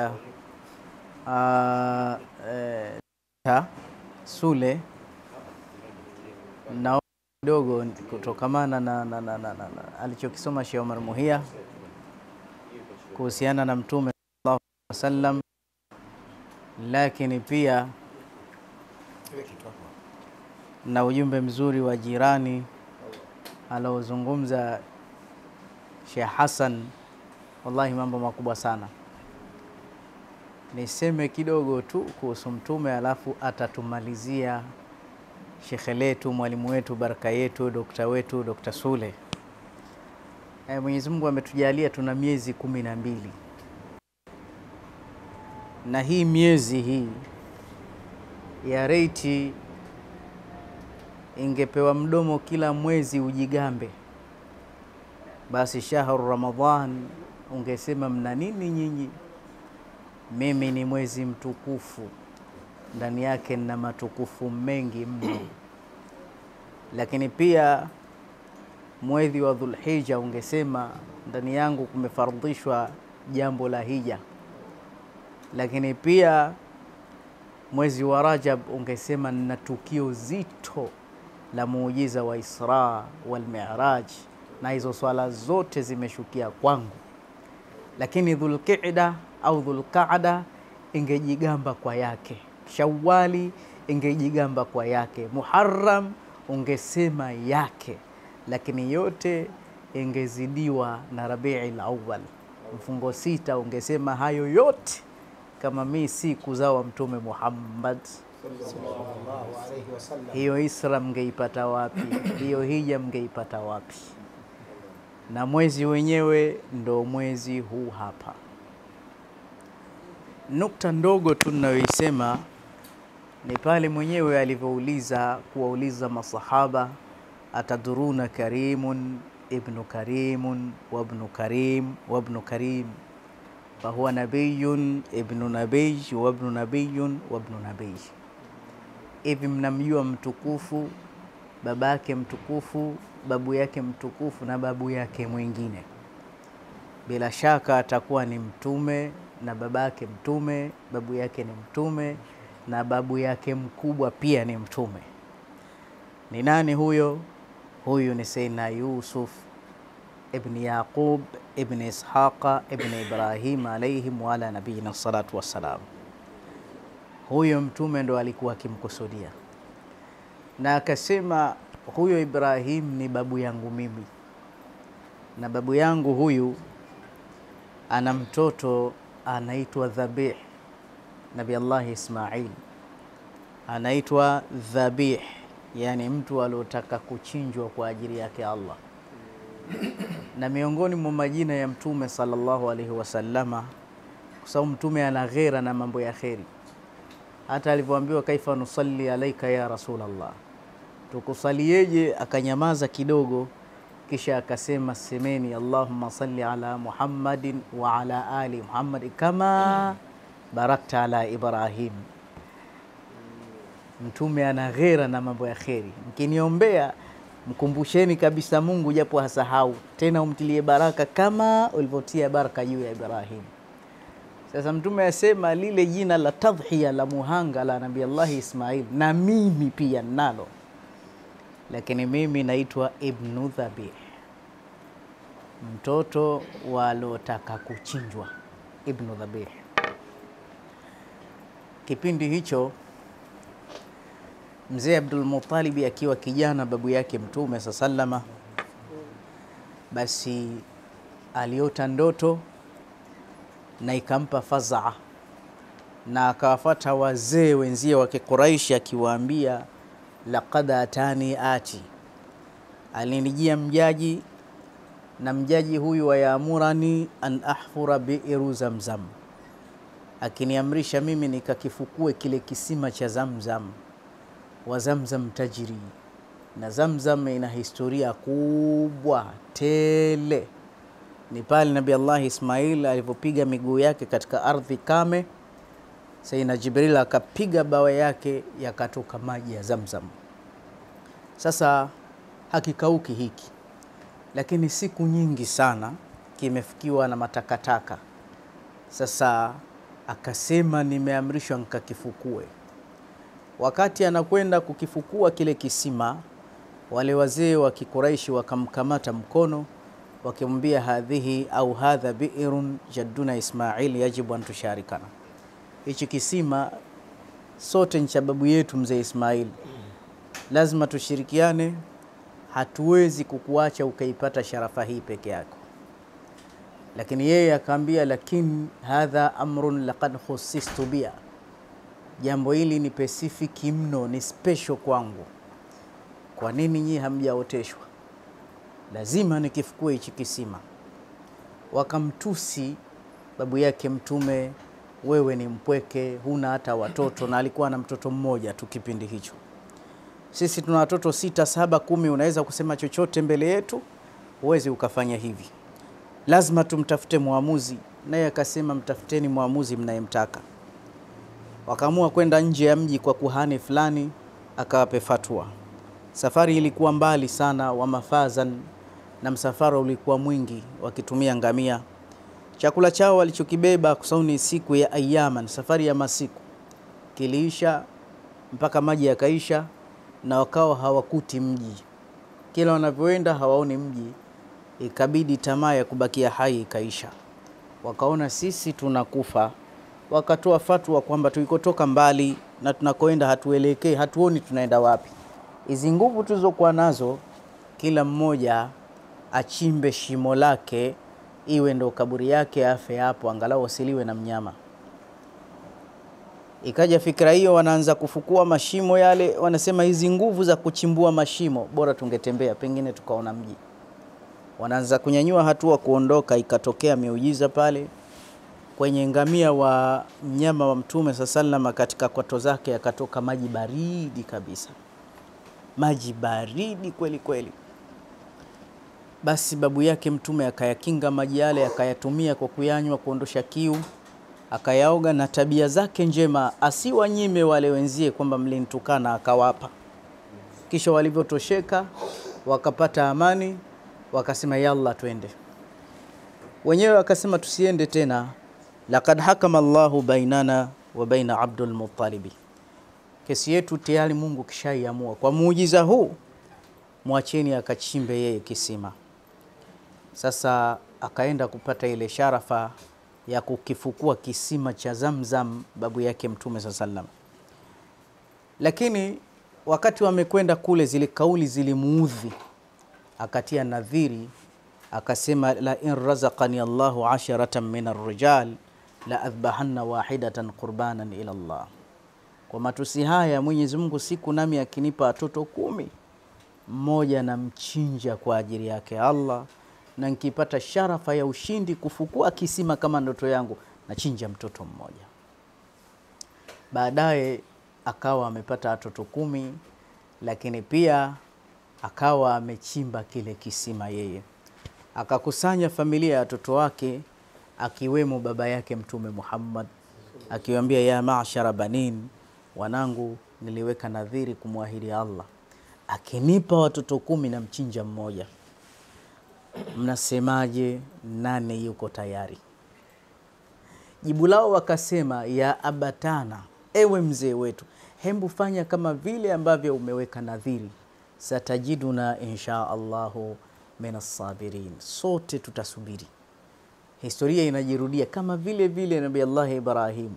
ya uh, uh, Sule na kidogo kutokamana na, na, na, na, na, na, alichokisoma Sheikh Omar Muhia kuhusiana na Mtume sallallahu alaihi wasallam, lakini pia na ujumbe mzuri wa jirani alaozungumza Sheikh Hassan. Wallahi mambo makubwa sana niseme kidogo tu kuhusu Mtume alafu atatumalizia shekhe letu, mwalimu wetu, baraka yetu, dokta wetu, Dokta Sule. E, Mwenyezi Mungu ametujalia tuna miezi kumi na mbili na hii miezi hii ya reiti ingepewa mdomo kila mwezi ujigambe, basi shahru Ramadhan ungesema mna nini nyinyi? Mimi ni mwezi mtukufu, ndani yake nina matukufu mengi mno lakini pia mwezi wa Dhulhija ungesema ndani yangu kumefardhishwa jambo la hija, lakini pia mwezi wa Rajab ungesema nina tukio zito la muujiza wa Isra walmiraj na hizo swala zote zimeshukia kwangu, lakini Dhulqida au Dhulqaada ingejigamba kwa yake, Shawali ingejigamba kwa yake, Muharram ungesema yake, lakini yote ingezidiwa na Rabiul Awwal, mfungo sita ungesema hayo yote kama mi si kuzawa Mtume Muhammad hiyo Isra mngeipata wapi? hiyo hija mngeipata wapi? na mwezi wenyewe ndo mwezi huu hapa. Nukta ndogo tu ninayoisema ni pale mwenyewe alivyouliza kuwauliza masahaba ataduruna karimun ibnu karimun wabnu karim wabnu karim fahuwa nabiyun ibnu nabiy wabnu nabiyun wabnu nabiy, hivi mnamjua mtukufu baba yake mtukufu babu yake mtukufu na babu yake mwingine, bila shaka atakuwa ni mtume na baba yake mtume, babu yake ni mtume na babu yake mkubwa pia ni mtume. Ni nani huyo? Huyu ni Sayyidina Yusuf ibn Yaqub ibn Ishaqa ibn Ibrahim wa ala nabiyina salatu wassalam. Huyo mtume ndo alikuwa akimkusudia na akasema, huyo Ibrahim ni babu yangu mimi, na babu yangu huyu ana mtoto anaitwa dhabih. Nabi Allahi Ismail anaitwa dhabih, yani mtu aliotaka kuchinjwa kwa ajili yake Allah. Na miongoni mwa majina ya Mtume sallallahu alaihi wasallama, kwa sababu Mtume ana ghera na mambo ya kheri, hata alivyoambiwa kaifa nusalli alaika ya Rasulullah, tukusalieje, akanyamaza kidogo kisha akasema semeni, Allahumma salli ala Muhammadin wa ala ali Muhammad kama barakta ala Ibrahim. Mtume ana ghera na mambo ya kheri, mkiniombea mkumbusheni kabisa Mungu japo hasahau, tena umtilie baraka kama ulivyotia baraka juu ya Ibrahim. Sasa Mtume asema lile jina la tadhhiya la muhanga la Nabii Allahi Ismail na mimi pia nalo lakini mimi naitwa Ibnu Dhabi, mtoto walotaka kuchinjwa. Ibnu Dhabi, kipindi hicho mzee Abdul Muttalib akiwa kijana, babu yake Mtume saa salama, basi aliota ndoto na ikampa fazaa, na akawafata wazee wenzie wa Kiquraishi akiwaambia laqad atani ati, alinijia mjaji na mjaji huyu wayaamurani an ahfura biru zamzam, akiniamrisha mimi nikakifukue kile kisima cha Zamzam. Wa zamzam tajiri, na Zamzam ina historia kubwa tele. Ni pale Nabi Allah Ismail alivyopiga miguu yake katika ardhi kame Saidina Jibril akapiga bawa yake yakatoka maji ya Zamzam. Sasa hakikauki hiki, lakini siku nyingi sana kimefikiwa na matakataka. Sasa akasema nimeamrishwa nikakifukue. Wakati anakwenda kukifukua kile kisima, wale wazee wa Kikuraishi wakamkamata mkono wakimwambia, hadhihi au hadha biirun jadduna Ismail yajibu an tusharikana hichi kisima sote ni cha babu yetu mzee Ismail, lazima tushirikiane. Hatuwezi kukuacha ukaipata sharafa hii peke yako. Lakini yeye akaambia, lakini hadha amrun laqad khusistu bia, jambo hili ni pesifiki mno, ni special kwangu. Kwa nini nyi hamjaoteshwa? Lazima nikifukue hichi kisima. Wakamtusi babu yake Mtume wewe ni mpweke, huna hata watoto, na alikuwa na mtoto mmoja tu kipindi hicho. Sisi tuna watoto sita, saba, kumi, unaweza kusema chochote mbele yetu, huwezi ukafanya hivi, lazima tumtafute mwamuzi. Naye akasema mtafuteni mwamuzi mnayemtaka. Wakaamua kwenda nje ya mji kwa kuhani fulani, akawape fatwa. Safari ilikuwa mbali sana wa mafazan, na msafara ulikuwa mwingi wakitumia ngamia Chakula chao walichokibeba kwa sababu ni siku ya ayama ni safari ya masiku, kiliisha mpaka maji yakaisha, na wakawa hawakuti mji. Kila wanavyoenda hawaoni mji, ikabidi tamaa ya kubakia hai ikaisha. Wakaona sisi tunakufa, wakatoa fatwa kwamba tulikotoka mbali na tunakoenda hatuelekei, hatuoni tunaenda wapi. Hizi nguvu tulizokuwa nazo, kila mmoja achimbe shimo lake iwe ndo kaburi yake afe hapo, angalau wasiliwe na mnyama. Ikaja fikra hiyo, wanaanza kufukua mashimo yale, wanasema hizi nguvu za kuchimbua mashimo, bora tungetembea, pengine tukaona mji. Wanaanza kunyanyua hatua kuondoka, ikatokea miujiza pale kwenye ngamia wa mnyama wa Mtume sasalama, katika kwato zake yakatoka maji baridi kabisa, maji baridi kweli kweli. Basi babu yake Mtume akayakinga maji yale, akayatumia kwa kuyanywa kuondosha kiu, akayaoga, na tabia zake njema asiwanyime wale wenzie kwamba mlinitukana, akawapa. Kisha walivyotosheka wakapata amani, wakasema yalla, twende. Wenyewe wakasema tusiende tena, laqad hakama llahu bainana wa baina Abdul Muttalib, kesi yetu tayari Mungu kishaiamua kwa muujiza huu, mwacheni akachimbe yeye kisima. Sasa akaenda kupata ile sharafa ya kukifukua kisima cha Zamzam babu yake Mtume saa sallam lakini wakati wamekwenda kule, zile kauli zilimuudhi, akatia nadhiri akasema, la in razaqani Allahu asharatan min arrijal la adhbahanna wahidatan qurbanan ila Allah, kwa matusi haya Mwenyezi Mungu siku nami akinipa watoto kumi, mmoja namchinja kwa ajili yake Allah na nikipata sharafa ya ushindi kufukua kisima kama ndoto yangu, nachinja mtoto mmoja. Baadaye akawa amepata watoto kumi, lakini pia akawa amechimba kile kisima yeye, akakusanya familia ya watoto wake akiwemo baba yake Mtume Muhammad akiwaambia, ya mashara banin, wanangu, niliweka nadhiri kumwahidi Allah, akinipa watoto kumi na mchinja mmoja mnasemaje nane yuko tayari? Jibu lao wakasema, ya abatana, ewe mzee wetu, hembu fanya kama vile ambavyo umeweka nadhiri, satajiduna insha allahu minasabirin, sote tutasubiri. Historia inajirudia kama vile vile Nabii Allah Ibrahim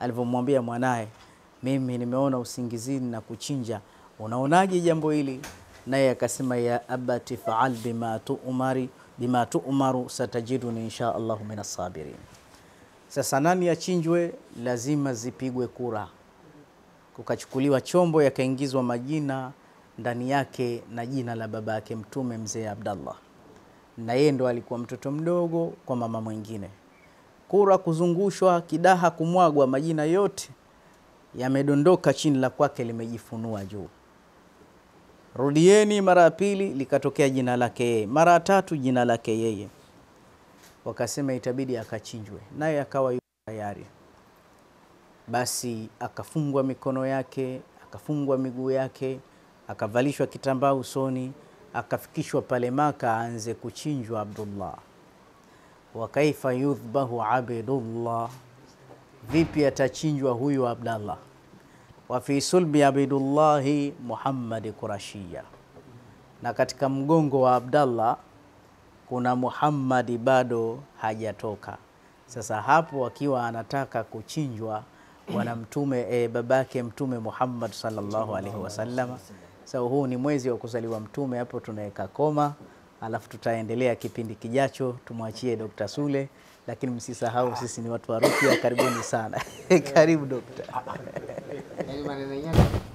alivyomwambia mwanaye, mimi nimeona usingizini na kuchinja, unaonaje jambo hili? naye akasema ya abati faal bima tuumaru bima tuumaru satajiduni insha Allahu min sabirin. Sasa nani achinjwe? Lazima zipigwe kura, kukachukuliwa chombo yakaingizwa majina ndani yake na jina la baba yake Mtume mzee Abdallah, na yeye ndo alikuwa mtoto mdogo kwa mama mwingine. Kura kuzungushwa, kidaha kumwagwa, majina yote yamedondoka chini, la kwake limejifunua juu rudieni mara ya pili, likatokea jina lake yeye, mara tatu jina lake yeye. Wakasema itabidi akachinjwe, naye akawa yuko tayari. Basi akafungwa mikono yake, akafungwa miguu yake, akavalishwa kitambaa usoni, akafikishwa pale Maka aanze kuchinjwa Abdullah. Wa kaifa yudhbahu abidullah, vipi atachinjwa huyu Abdallah? wa fi sulbi Abidullahi Muhammadi qurashiya, na katika mgongo wa Abdallah kuna Muhammadi bado hajatoka. Sasa hapo akiwa anataka kuchinjwa bwana mtume e, babake mtume Muhammad sallallahu alaihi wasallam. Sasa huu ni mwezi wa kuzaliwa mtume, hapo tunaweka koma, alafu tutaendelea kipindi kijacho, tumwachie Dr. Sule, lakini msisahau sisi ni watu wa Rukia. Karibuni sana. Karibu dokta. El llano.